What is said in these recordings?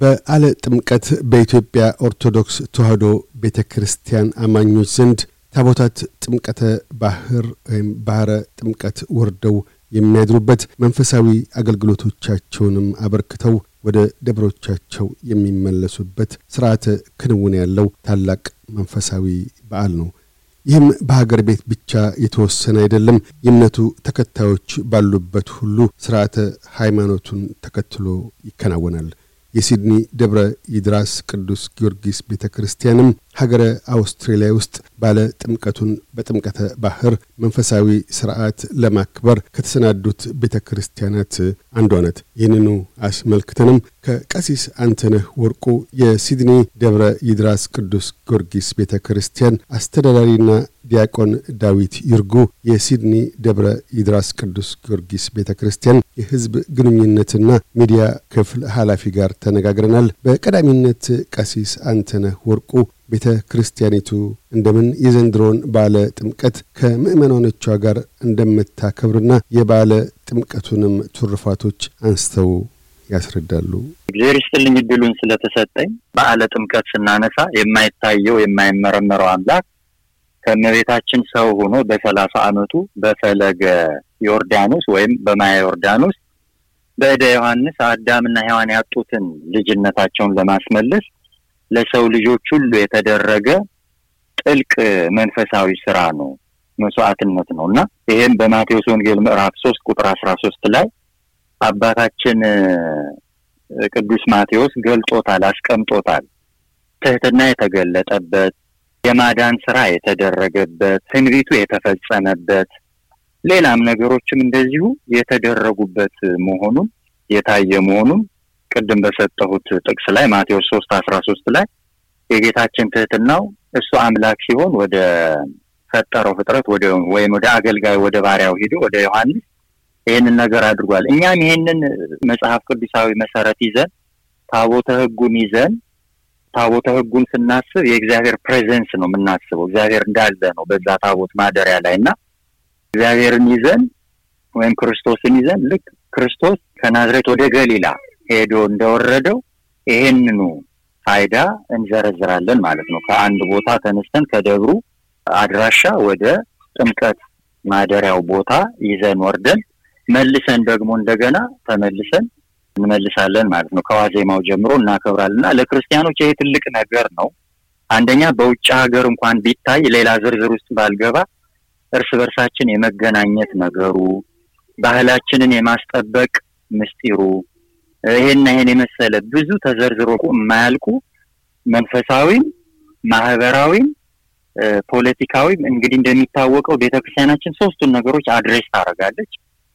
በዓለ ጥምቀት በኢትዮጵያ ኦርቶዶክስ ተዋህዶ ቤተ ክርስቲያን አማኞች ዘንድ ታቦታት ጥምቀተ ባህር ወይም ባህረ ጥምቀት ወርደው የሚያድሩበት መንፈሳዊ አገልግሎቶቻቸውንም አበርክተው ወደ ደብሮቻቸው የሚመለሱበት ስርዓተ ክንውን ያለው ታላቅ መንፈሳዊ በዓል ነው። ይህም በሀገር ቤት ብቻ የተወሰነ አይደለም። የእምነቱ ተከታዮች ባሉበት ሁሉ ስርዓተ ሃይማኖቱን ተከትሎ ይከናወናል። የሲድኒ ደብረ ይድራስ ቅዱስ ጊዮርጊስ ቤተ ክርስቲያንም ሀገረ አውስትሬሊያ ውስጥ ባለ ጥምቀቱን በጥምቀተ ባህር መንፈሳዊ ስርዓት ለማክበር ከተሰናዱት ቤተ ክርስቲያናት አንዷ ናት። ይህንኑ አስመልክተንም ከቀሲስ አንተነህ ወርቁ የሲድኒ ደብረ ይድራስ ቅዱስ ጊዮርጊስ ቤተ ክርስቲያን አስተዳዳሪና ዲያቆን ዳዊት ይርጉ የሲድኒ ደብረ ይድራስ ቅዱስ ጊዮርጊስ ቤተ ክርስቲያን የሕዝብ ግንኙነትና ሚዲያ ክፍል ኃላፊ ጋር ተነጋግረናል። በቀዳሚነት ቀሲስ አንተነህ ወርቁ ቤተ ክርስቲያኒቱ እንደምን የዘንድሮውን በዓለ ጥምቀት ከምዕመናኖቿ ጋር እንደምታከብርና የበዓለ ጥምቀቱንም ቱርፋቶች አንስተው ያስረዳሉ። እግዚአብሔር ይስጥልኝ እድሉን ስለተሰጠኝ። በዓለ ጥምቀት ስናነሳ የማይታየው የማይመረመረው አምላክ ከእመቤታችን ሰው ሆኖ በሰላሳ ዓመቱ በፈለገ ዮርዳኖስ ወይም በማያ ዮርዳኖስ በእደ ዮሐንስ አዳምና ሔዋን ያጡትን ልጅነታቸውን ለማስመለስ ለሰው ልጆች ሁሉ የተደረገ ጥልቅ መንፈሳዊ ስራ ነው፣ መስዋዕትነት ነው እና ይህም በማቴዎስ ወንጌል ምዕራፍ ሶስት ቁጥር አስራ ሶስት ላይ አባታችን ቅዱስ ማቴዎስ ገልጦታል፣ አስቀምጦታል። ትህትና የተገለጠበት የማዳን ስራ የተደረገበት ትንቢቱ የተፈጸመበት ሌላም ነገሮችም እንደዚሁ የተደረጉበት መሆኑን የታየ መሆኑን ቅድም በሰጠሁት ጥቅስ ላይ ማቴዎስ ሶስት አስራ ሶስት ላይ የጌታችን ትህትናው እሱ አምላክ ሲሆን ወደ ፈጠረው ፍጥረት ወደ ወይም ወደ አገልጋይ ወደ ባሪያው ሂዶ ወደ ዮሐንስ ይህንን ነገር አድርጓል። እኛም ይህንን መጽሐፍ ቅዱሳዊ መሰረት ይዘን ታቦተ ሕጉን ይዘን ታቦተ ሕጉን ስናስብ የእግዚአብሔር ፕሬዘንስ ነው የምናስበው። እግዚአብሔር እንዳለ ነው በዛ ታቦት ማደሪያ ላይ እና እግዚአብሔርን ይዘን ወይም ክርስቶስን ይዘን ልክ ክርስቶስ ከናዝሬት ወደ ገሊላ ሄዶ እንደወረደው ይሄንኑ ፋይዳ እንዘረዝራለን ማለት ነው። ከአንድ ቦታ ተነስተን ከደብሩ አድራሻ ወደ ጥምቀት ማደሪያው ቦታ ይዘን ወርደን መልሰን ደግሞ እንደገና ተመልሰን እንመልሳለን ማለት ነው። ከዋዜማው ጀምሮ እናከብራለን እና ለክርስቲያኖች ይሄ ትልቅ ነገር ነው። አንደኛ በውጭ ሀገር እንኳን ቢታይ ሌላ ዝርዝር ውስጥ ባልገባ እርስ በርሳችን የመገናኘት ነገሩ፣ ባህላችንን የማስጠበቅ ምስጢሩ ይሄና ይሄን የመሰለ ብዙ ተዘርዝሮ የማያልቁ መንፈሳዊም፣ ማህበራዊም፣ ፖለቲካዊም እንግዲህ እንደሚታወቀው ቤተክርስቲያናችን ሶስቱን ነገሮች አድሬስ ታደርጋለች።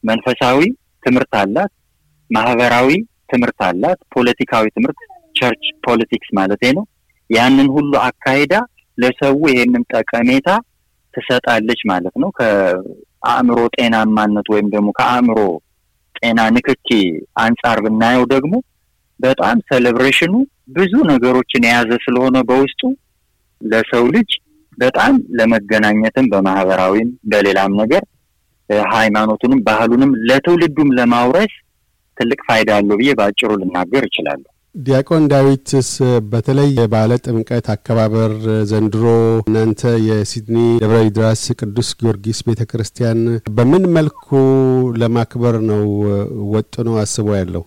መንፈሳዊ ትምህርት አላት፣ ማህበራዊ ትምህርት አላት፣ ፖለቲካዊ ትምህርት ቸርች ፖለቲክስ ማለት ነው። ያንን ሁሉ አካሂዳ ለሰው ይሄንን ጠቀሜታ ትሰጣለች ማለት ነው። ከአእምሮ ጤናማነት ወይም ደግሞ ከአእምሮ ጤና ንክኪ አንጻር ብናየው ደግሞ በጣም ሴሌብሬሽኑ ብዙ ነገሮችን የያዘ ስለሆነ በውስጡ ለሰው ልጅ በጣም ለመገናኘትም በማህበራዊም በሌላም ነገር ሃይማኖቱንም ባህሉንም ለትውልዱም ለማውረስ ትልቅ ፋይዳ አለው ብዬ በአጭሩ ልናገር ይችላሉ። ዲያቆን ዳዊትስ በተለይ የባለ ጥምቀት አከባበር ዘንድሮ እናንተ የሲድኒ ደብረ ድራስ ቅዱስ ጊዮርጊስ ቤተ ክርስቲያን በምን መልኩ ለማክበር ነው ወጥኖ ነው አስቦ ያለው?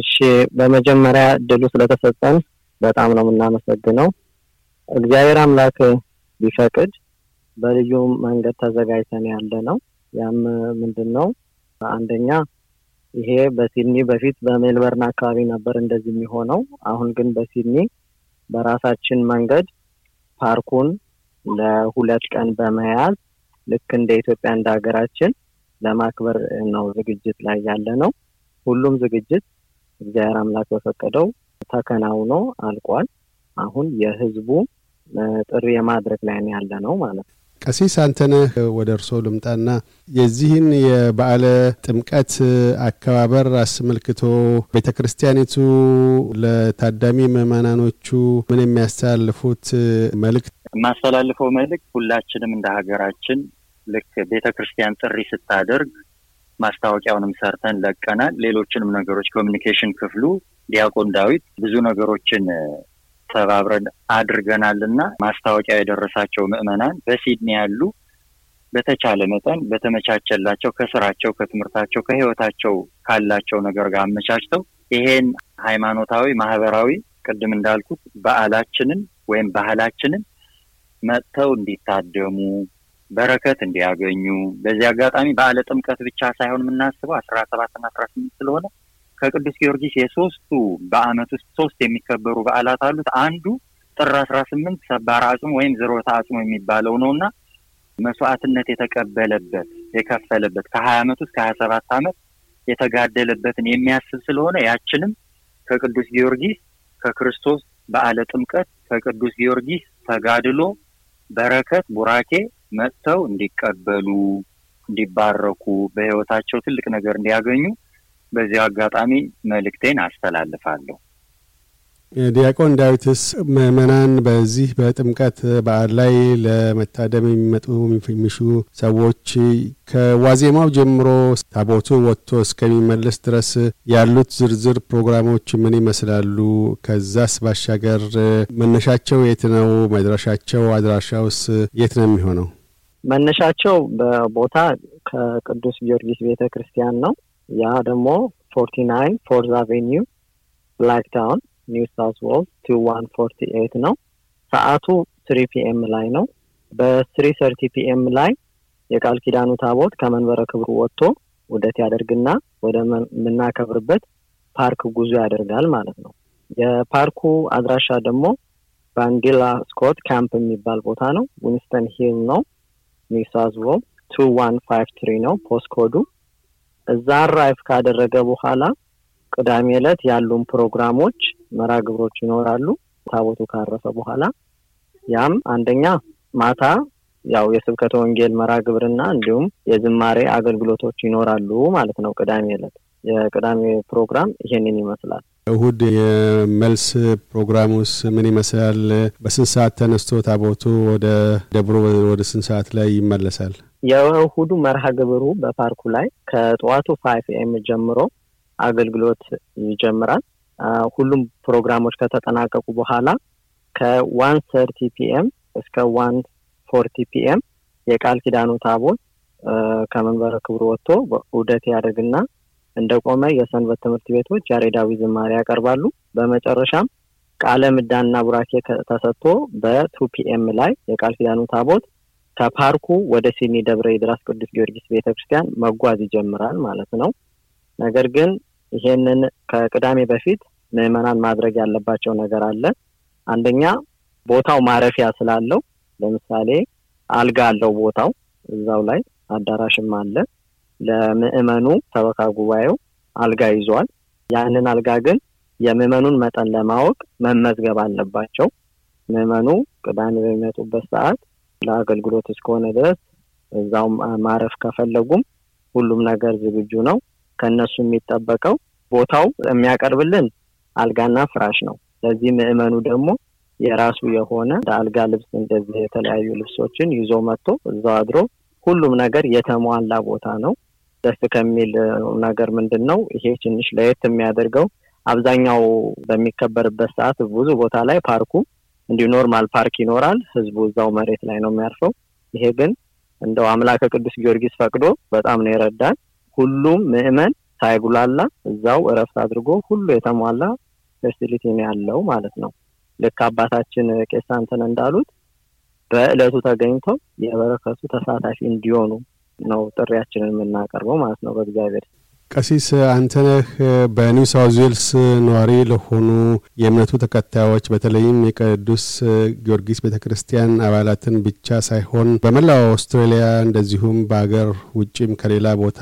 እሺ፣ በመጀመሪያ ድሉ ስለተሰጠን በጣም ነው የምናመሰግነው። እግዚአብሔር አምላክ ቢፈቅድ በልዩ መንገድ ተዘጋጅተን ያለ ነው። ያም ምንድን ነው አንደኛ ይሄ በሲድኒ በፊት በሜልበርን አካባቢ ነበር እንደዚህ የሚሆነው። አሁን ግን በሲድኒ በራሳችን መንገድ ፓርኩን ለሁለት ቀን በመያዝ ልክ እንደ ኢትዮጵያ እንደ ሀገራችን ለማክበር ነው ዝግጅት ላይ ያለ ነው። ሁሉም ዝግጅት እግዚአብሔር አምላክ በፈቀደው ተከናውኖ አልቋል። አሁን የህዝቡ ጥሪ የማድረግ ላይ ያለ ነው ማለት ነው። ቀሲስ አንተነህ ወደ እርስዎ ልምጣና የዚህን የበዓለ ጥምቀት አከባበር አስመልክቶ ቤተ ክርስቲያኒቱ ለታዳሚ ምዕመናኖቹ ምን የሚያስተላልፉት መልእክት? የማስተላልፈው መልእክት ሁላችንም እንደ ሀገራችን ልክ ቤተ ክርስቲያን ጥሪ ስታደርግ ማስታወቂያውንም ሰርተን ለቀናል። ሌሎችንም ነገሮች ኮሚኒኬሽን ክፍሉ ዲያቆን ዳዊት ብዙ ነገሮችን ተባብረን አድርገናል እና ማስታወቂያ የደረሳቸው ምዕመናን በሲድኒ ያሉ በተቻለ መጠን በተመቻቸላቸው ከስራቸው፣ ከትምህርታቸው፣ ከህይወታቸው ካላቸው ነገር ጋር አመቻችተው ይሄን ሃይማኖታዊ፣ ማህበራዊ ቅድም እንዳልኩት በዓላችንን ወይም ባህላችንን መጥተው እንዲታደሙ በረከት እንዲያገኙ በዚህ አጋጣሚ በዓለ ጥምቀት ብቻ ሳይሆን የምናስበው አስራ ሰባትና አስራ ስምንት ስለሆነ ከቅዱስ ጊዮርጊስ የሶስቱ በአመት ውስጥ ሶስት የሚከበሩ በዓላት አሉት። አንዱ ጥር አስራ ስምንት ሰባር አጽሙ ወይም ዘሮታ አጽሙ የሚባለው ነው እና መስዋዕትነት የተቀበለበት የከፈለበት ከሀያ አመት ውስጥ ከሀያ ሰባት አመት የተጋደለበትን የሚያስብ ስለሆነ ያችንም ከቅዱስ ጊዮርጊስ ከክርስቶስ በዓለ ጥምቀት ከቅዱስ ጊዮርጊስ ተጋድሎ በረከት ቡራኬ መጥተው እንዲቀበሉ እንዲባረኩ በህይወታቸው ትልቅ ነገር እንዲያገኙ በዚያው አጋጣሚ መልእክቴን አስተላልፋለሁ። ዲያቆን ዳዊትስ ምእመናን በዚህ በጥምቀት በዓል ላይ ለመታደም የሚመጡ የሚሹ ሰዎች ከዋዜማው ጀምሮ ታቦቱ ወጥቶ እስከሚመለስ ድረስ ያሉት ዝርዝር ፕሮግራሞች ምን ይመስላሉ? ከዛስ ባሻገር መነሻቸው የት ነው? መድረሻቸው፣ አድራሻውስ የት ነው የሚሆነው? መነሻቸው በቦታ ከቅዱስ ጊዮርጊስ ቤተ ክርስቲያን ነው። ያ ደግሞ ፎርቲ ናይን ፎርዝ አቬኒ ብላክታውን ኒው ሳውት ዌልስ ቱ ዋን ፎርቲ ኤት ነው። ሰዓቱ ስሪ ፒኤም ላይ ነው። በስሪ ሰርቲ ፒኤም ላይ የቃል ኪዳኑ ታቦት ከመንበረ ክብሩ ወጥቶ ውደት ያደርግና ወደ የምናከብርበት ፓርክ ጉዞ ያደርጋል ማለት ነው። የፓርኩ አድራሻ ደግሞ ባንዲላ ስኮት ካምፕ የሚባል ቦታ ነው። ዊንስተን ሂል ነው። ኒው ቱ ዋን ፋይቭ ትሪ ነው ፖስት ኮዱ። እዛ ራይፍ ካደረገ በኋላ ቅዳሜ ዕለት ያሉን ፕሮግራሞች መራግብሮች ግብሮች ይኖራሉ። ታቦቱ ካረፈ በኋላ ያም አንደኛ ማታ ያው የስብከተ ወንጌል መራ ግብርና እንዲሁም የዝማሬ አገልግሎቶች ይኖራሉ ማለት ነው። ቅዳሜ ዕለት የቅዳሜ ፕሮግራም ይሄንን ይመስላል። እሁድ የመልስ ፕሮግራሙስ ምን ይመስላል? በስንት ሰዓት ተነስቶ ታቦቱ ወደ ደብሮ ወደ ስንት ሰዓት ላይ ይመለሳል? የእሁዱ መርሃ ግብሩ በፓርኩ ላይ ከጠዋቱ ፋይፍ ኤም ጀምሮ አገልግሎት ይጀምራል። ሁሉም ፕሮግራሞች ከተጠናቀቁ በኋላ ከዋን ሰርቲ ፒኤም እስከ ዋን ፎርቲ ፒኤም የቃል ኪዳኑ ታቦት ከመንበረ ክብሩ ወጥቶ ውደት ያደርግና እንደቆመ የሰንበት ትምህርት ቤቶች ያሬዳዊ ዝማሬ ያቀርባሉ። በመጨረሻም ቃለ ምዳና ቡራኬ ተሰጥቶ በቱ ፒኤም ላይ የቃል ኪዳኑ ታቦት ከፓርኩ ወደ ሲኒ ደብረ ድራስ ቅዱስ ጊዮርጊስ ቤተክርስቲያን መጓዝ ይጀምራል ማለት ነው። ነገር ግን ይሄንን ከቅዳሜ በፊት ምዕመናን ማድረግ ያለባቸው ነገር አለ። አንደኛ ቦታው ማረፊያ ስላለው፣ ለምሳሌ አልጋ አለው ቦታው እዛው ላይ አዳራሽም አለ። ለምዕመኑ ሰበካ ጉባኤው አልጋ ይዟል። ያንን አልጋ ግን የምዕመኑን መጠን ለማወቅ መመዝገብ አለባቸው። ምዕመኑ ቅዳሜ በሚመጡበት ሰዓት ለአገልግሎት እስከሆነ ድረስ እዛው ማረፍ ከፈለጉም ሁሉም ነገር ዝግጁ ነው። ከእነሱ የሚጠበቀው ቦታው የሚያቀርብልን አልጋና ፍራሽ ነው። ለዚህ ምዕመኑ ደግሞ የራሱ የሆነ እንደ አልጋ ልብስ፣ እንደዚህ የተለያዩ ልብሶችን ይዞ መጥቶ እዛው አድሮ ሁሉም ነገር የተሟላ ቦታ ነው። ደስ ከሚል ነገር ምንድን ነው ይሄ ትንሽ ለየት የሚያደርገው አብዛኛው በሚከበርበት ሰዓት ብዙ ቦታ ላይ ፓርኩ እንዲሁ ኖርማል ፓርክ ይኖራል። ህዝቡ እዛው መሬት ላይ ነው የሚያርፈው። ይሄ ግን እንደው አምላከ ቅዱስ ጊዮርጊስ ፈቅዶ በጣም ነው ይረዳል። ሁሉም ምዕመን ሳይጉላላ እዛው እረፍት አድርጎ ሁሉ የተሟላ ፌሲሊቲ ነው ያለው ማለት ነው። ልክ አባታችን ቄስ እንትን እንዳሉት በእለቱ ተገኝተው የበረከቱ ተሳታፊ እንዲሆኑ ነው ጥሪያችንን የምናቀርበው ማለት ነው በእግዚአብሔር ቀሲስ አንተነህ በኒው ሳውዝ ዌልስ ነዋሪ ለሆኑ የእምነቱ ተከታዮች በተለይም የቅዱስ ጊዮርጊስ ቤተ ክርስቲያን አባላትን ብቻ ሳይሆን በመላው አውስትራሊያ እንደዚሁም በሀገር ውጭም ከሌላ ቦታ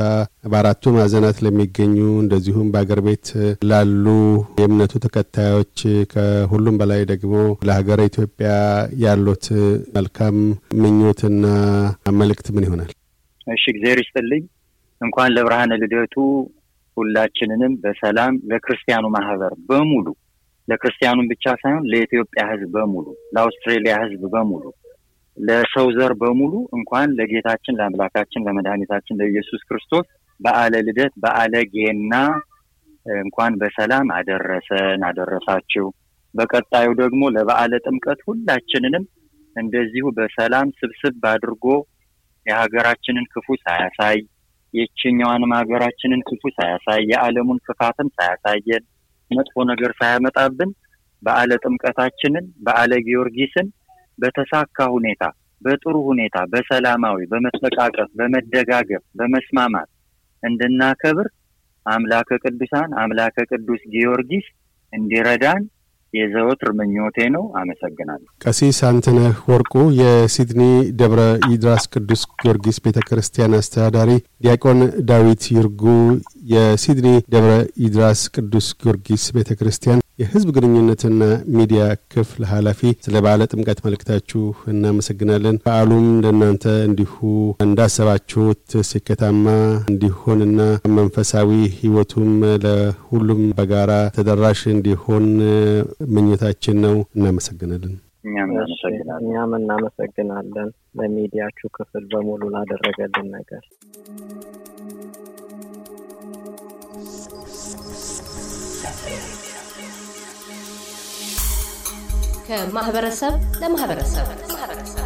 በአራቱ ማዕዘናት ለሚገኙ እንደዚሁም በሀገር ቤት ላሉ የእምነቱ ተከታዮች ከሁሉም በላይ ደግሞ ለሀገረ ኢትዮጵያ ያሉት መልካም ምኞትና መልእክት ምን ይሆናል? እሺ፣ እግዚአብሔር ይስጥልኝ። እንኳን ለብርሃነ ልደቱ ሁላችንንም በሰላም ለክርስቲያኑ ማህበር በሙሉ ለክርስቲያኑን ብቻ ሳይሆን ለኢትዮጵያ ህዝብ በሙሉ ለአውስትሬሊያ ህዝብ በሙሉ ለሰው ዘር በሙሉ እንኳን ለጌታችን ለአምላካችን ለመድኃኒታችን ለኢየሱስ ክርስቶስ በአለ ልደት በአለ ጌና እንኳን በሰላም አደረሰን አደረሳችሁ። በቀጣዩ ደግሞ ለበዓለ ጥምቀት ሁላችንንም እንደዚሁ በሰላም ስብስብ አድርጎ የሀገራችንን ክፉ ሳያሳይ የችኛዋንም ሀገራችንን ክፉ ሳያሳይ የዓለሙን ክፋትም ሳያሳየን መጥፎ ነገር ሳያመጣብን በዓለ ጥምቀታችንን በዓለ ጊዮርጊስን በተሳካ ሁኔታ በጥሩ ሁኔታ በሰላማዊ በመፈቃቀፍ በመደጋገፍ በመስማማት እንድናከብር አምላከ ቅዱሳን አምላከ ቅዱስ ጊዮርጊስ እንዲረዳን የዘወትር ምኞቴ ነው። አመሰግናለሁ። ቀሲስ አንተነህ ወርቁ የሲድኒ ደብረ ይድራስ ቅዱስ ጊዮርጊስ ቤተ ክርስቲያን አስተዳዳሪ፣ ዲያቆን ዳዊት ይርጉ የሲድኒ ደብረ ይድራስ ቅዱስ ጊዮርጊስ ቤተ ክርስቲያን የህዝብ ግንኙነትና ሚዲያ ክፍል ኃላፊ፣ ስለ በዓለ ጥምቀት መልእክታችሁ እናመሰግናለን። በዓሉም ለእናንተ እንዲሁ እንዳሰባችሁት ስኬታማ እንዲሆንና መንፈሳዊ ህይወቱም ለሁሉም በጋራ ተደራሽ እንዲሆን ምኞታችን ነው። እናመሰግናለን። እኛም እናመሰግናለን ለሚዲያችሁ ክፍል በሙሉ ላደረገልን ነገር ከማህበረሰብ ለማህበረሰብ